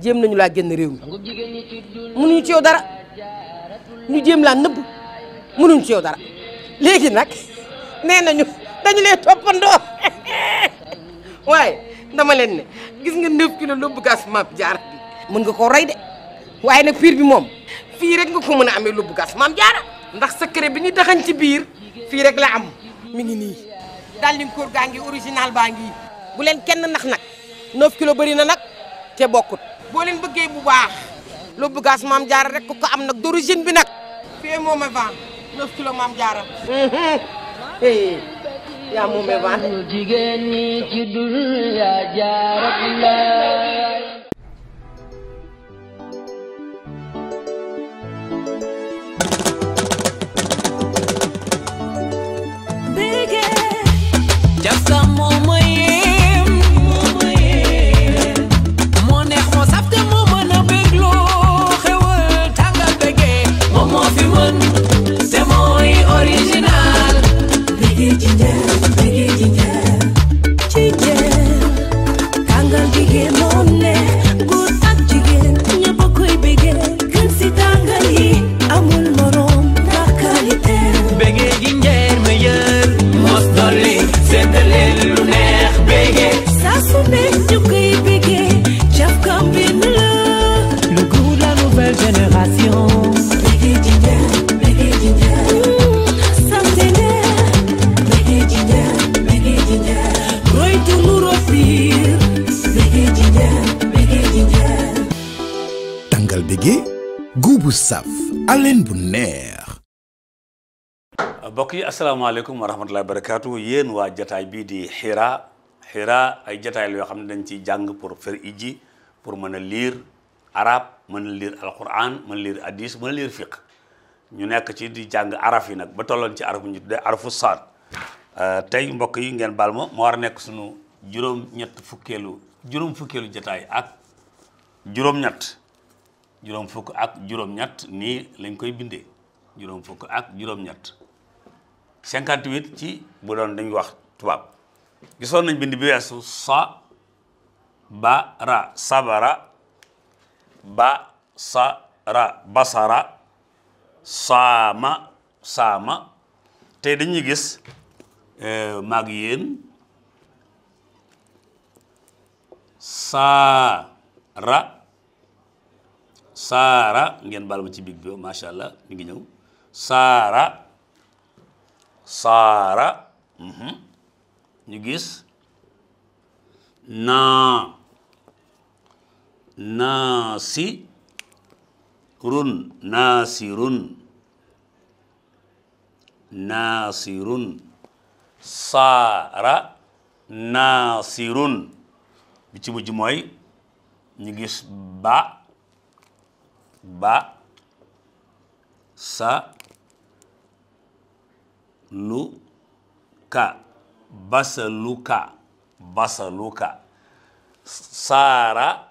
jéem nañu laa génn réew mi mënuñu ci yow dara ñu jéem laa nëbb mënuñu ci yow dara léegi nag nee nañu dañu lay toppandoo waaye dama leen ne nga 9 kilos lóbbu gas maam mën nga koo rey de waaye nag piir bi moom fii rek nga ko mën a amee lóbbu gas maam jaara ndax secret bi ñu taxañ ci biir fii rek la am mi ngi nii dal liñ kóor gaa ngi original baa ngi bu leen kenn nax nag 9 kilo bari na nag te bokkut boo leen bëggee bu baax lo bëggaas maam jaara rek ku ko nag d'origine bi nag fii moom a e vent neuf maam jaara yaa moom a e vent jigéen ñi dul yaa jaara bu saf yi asalaamaaleykum wa rahmatulah barakaatu yéen waa jataay bii di xiraa xiraa ay jataay la yoo xam ne dañ ciy jàng pour faire iji pour mën a liir arab mën a lire alquran mën a lire hadis mën a lire fiq ñu nekk ci di jàng arab yi nag ba tolloon ci araf ñu tuddee arafu saad euh, tey mbokk yi ngeen baal ma moo war a nekk sunu juróom-ñett fukkeelu juróom fukkeelu jataay ak juróom-ñett. juróom fukk ak juróom-ñett nii lañ koy bindee juróom fukk ak juróom-ñett 58 ci bu doon dañ wax tubaab gisoon nañ bind bi weesu sa ba ra sabara ba sa ra basara saama saama tey dañuy gis euh, maag yéen saara saara ngeen baal ma ci big bi macha allah mi ngi ñëw saara saara mhm. ñu gis naa naasi run naasi run naasi run saara naasi run bi ci mujj mooy ñu gis ba ba sa lu ka basaluka basaluka saara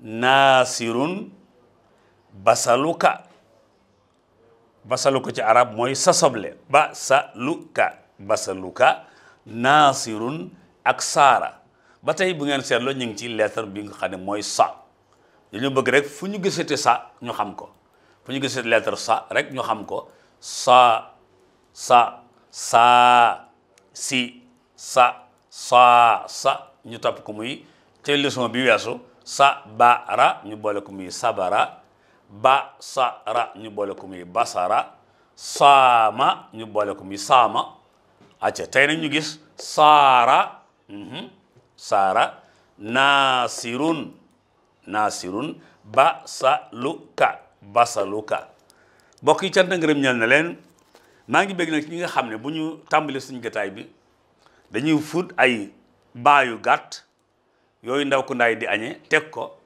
naasirun basaluka basaluka ci arab mooy sa soble ba sa luka basaluka naasirun ak saara ba tey bu ngeen seetloo ñu ngi ci lettre bi nga xam ne mooy sa dañu bëgg rek fu ñu gisati sa ñu xam ko fu ñu gisati lettre sa rek ñu xam ko sa sa sa si sa sa sa ñu topp ko muy te leçon bi weesu sa ba ra ñu boole ko muy sabara ba sa ra ñu boole ko muy basara saama ñu boole ko muy saama acca tey ñu gis saa mhm. saara naasirun naasirun basaluka basaluka mbokk yi cant ngërëm ñal na leen maa ngi bëgg nag ci nga xam ne bu ñu tàmbali suñu jotaay bi dañuy fut ay baayu gàtt yooyu ndaw ku ndaay di añee teg ko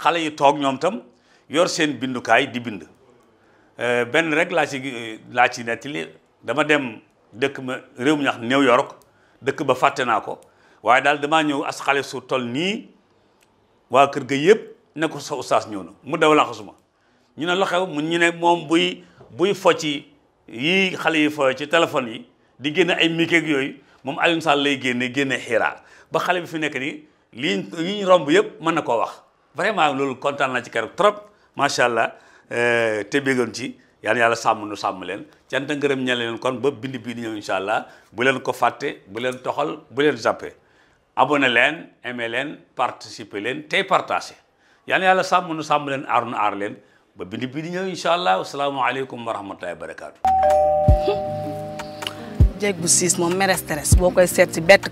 xale yi toog ñoom tam yor seen bindukaay di bind euh, benn rek laa ci laa ci nettali dama dem dëkk ma réew mi ñax New York dëkk ba fàtte naa ko waaye daal damaa ñëw as xale su toll nii waa kër ga yëpp ne ko sa ustaas ñëw na mu daw laxasuma ñu ne lu xew mu ñu ne moom buy buy fo focci yii xale yi fo ci téléphone yi di génne ay mikeeg yooyu moom Alioune Sall lay génne génne xiiraa ba xale bi fi nekk nii lii yi romb yëpp mën na koo wax vraiment loolu kontaan naa ci keroog trop macha allah euh, te béggoon ci yàlla yàlla sàmm nu sàmm leen cant ngërëm ñale leen kon ba bind bii di ñëw incha allah bu leen ko fàtte bu leen toxal bu leen jàppee. abonné leen aimé leen participer leen tey partagé yàlla yàlla sàmm nu sàmm leen aar nu aar leen ba bindi bi di ñëw incha allah asalaamaaleykum wa rahmatullahi wa barakaatu. jeeg bu siis moom mere stress boo koy seet si bett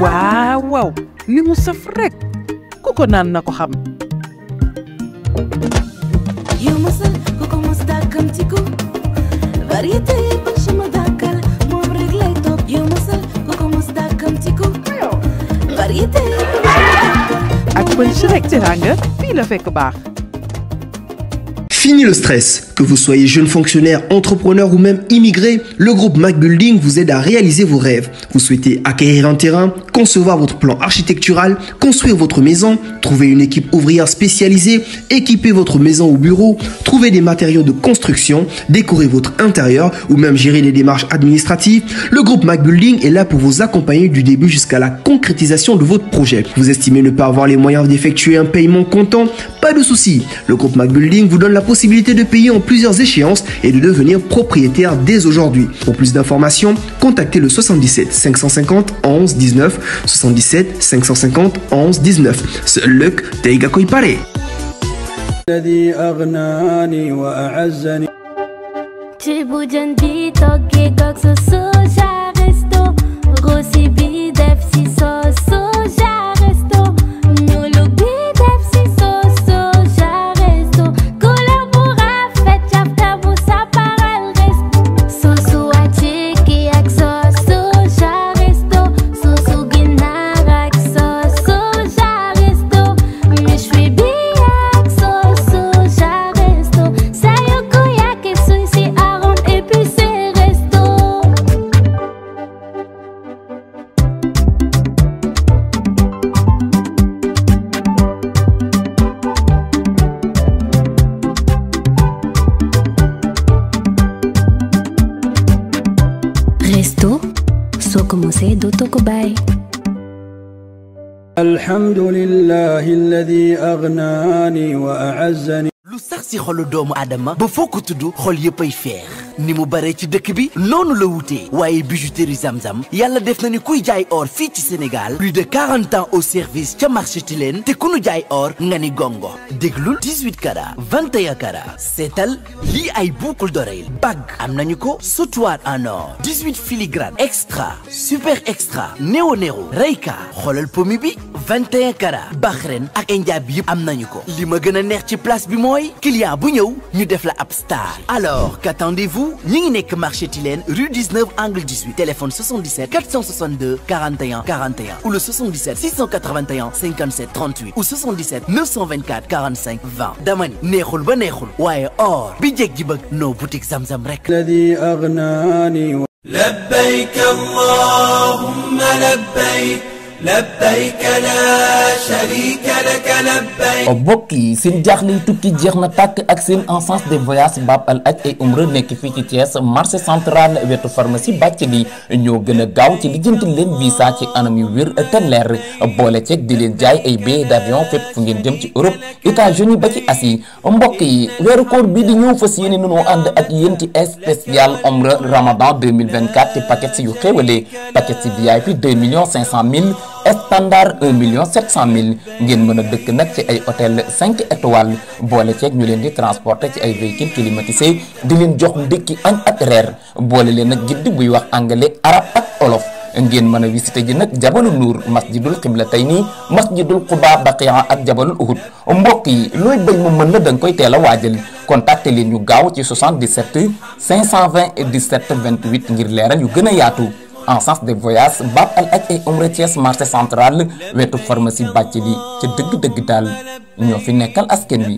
waaw waaw li mu saf rek ku ko naan na ko xam. yow mosal ku ko mos dàkkam ci ko variété yi bëgg sama dàkkal moom rek lay topp yow mosal ku ko mos dàkkam ci ko variété yi bëgg sama dàkkal ak Punch rek teraanga fii la fekk baax. Fini le stress. Que vous soyez jeune fonctionnaire, entrepreneur ou même immigré, le groupe Mac Building vous aide à réaliser vos rêves. Vous souhaitez acquérir un terrain, concevoir votre plan architectural, construire votre maison, trouver une équipe ouvrière spécialisée, équiper votre maison ou bureau, trouver des matériaux de construction, décorer votre intérieur ou même gérer les démarches administratives. Le groupe Mac est là pour vous accompagner la concrétisation de votre projet. Pas de souci, le groupe MacBuilding vous donne la possibilité de payer en plusieurs échéances et de devenir propriétaire dès aujourd'hui. Pour plus d'informations, contactez le 77 550 11 19 Resto soko mose dootoo ko bàyyi. alhamdulillahi alladi agnaani wa a'azzani. lu sax si xolu doomu aadama ba foo ko tudd xol yëppay feex. ni mu bare ci dëkk bi noonu la wutee waaye bijouterie Zamzam yalla def na ni kuy jaay oor fii ci Sénégal plus de 40 ans au service ca marché Tilène te ku nu jaay oor nga ni gongo déglul 18 carats 21 carats seetal lii ay boucle d'oreille bag am nañu ko sautoir en or 18 filigrane extra super extra néo néo reyka xoolal pomi bi 21 carats Bahreïn ak India bi yëpp am nañu ko li ma gën a neex ci place bi mooy client bu ñëw ñu def la ab star alors qu'attendez-vous nous ñi ngi nekk marché Tilène rue 19 angle 18 téléphone 77 462 41 41 ou le 77 681 57 38 ou 77 924 45 20 dama ni neexul ba neexul waaye or bi jeg ji bëgg noo boutique Zamzam rek. labbayk allahumma labbayk Oh, mbokk yi seen jaaxley tukki jeex na tàkk ak seen agence de voyage Bab al Hajj et Umra nekk fii ci Thiès marché central wetu pharmacie Bathily ñoo gën a gaaw ci lijjanti leen visa ci anam yu wér te boole ceeg di leen jaay ay billets d'avion fépp fu ngeen jëm ci Europe États-Unis ba ci Asie mbokk yi weeru koor bii di ñëw fas yéene nunoo ànd ak yéen ci spécial Umra Ramadan 2024 ci paquet si yu xéwale paquet si VIP 2 millions 500 mille standard 1 million 700 mille ngeen mën a dëkk nag ci ay hôtel 5 étoiles boole ceeg ñu leen di transporter ci ay véhicules climatisés di leen jox ndékki añ ak reer boole leen nag giddi buy wax anglais arab ak olof ngeen mën a visité ji nag jabalu nuur masjidul xiblatayni masjidul quba baqiya ak jabalul uhud mbokk yi looy béy mu mën la da nga koy teel a waajal contacter leen ñu gaaw ci 77 520 17 28 ngir leeral yu gën a yaatu en sens de voyage Bab al Aj et Omra Thiès marché central wetu pharmacie Bathily ca dëgg-dëgg daal ñoo fi nekkal askan wi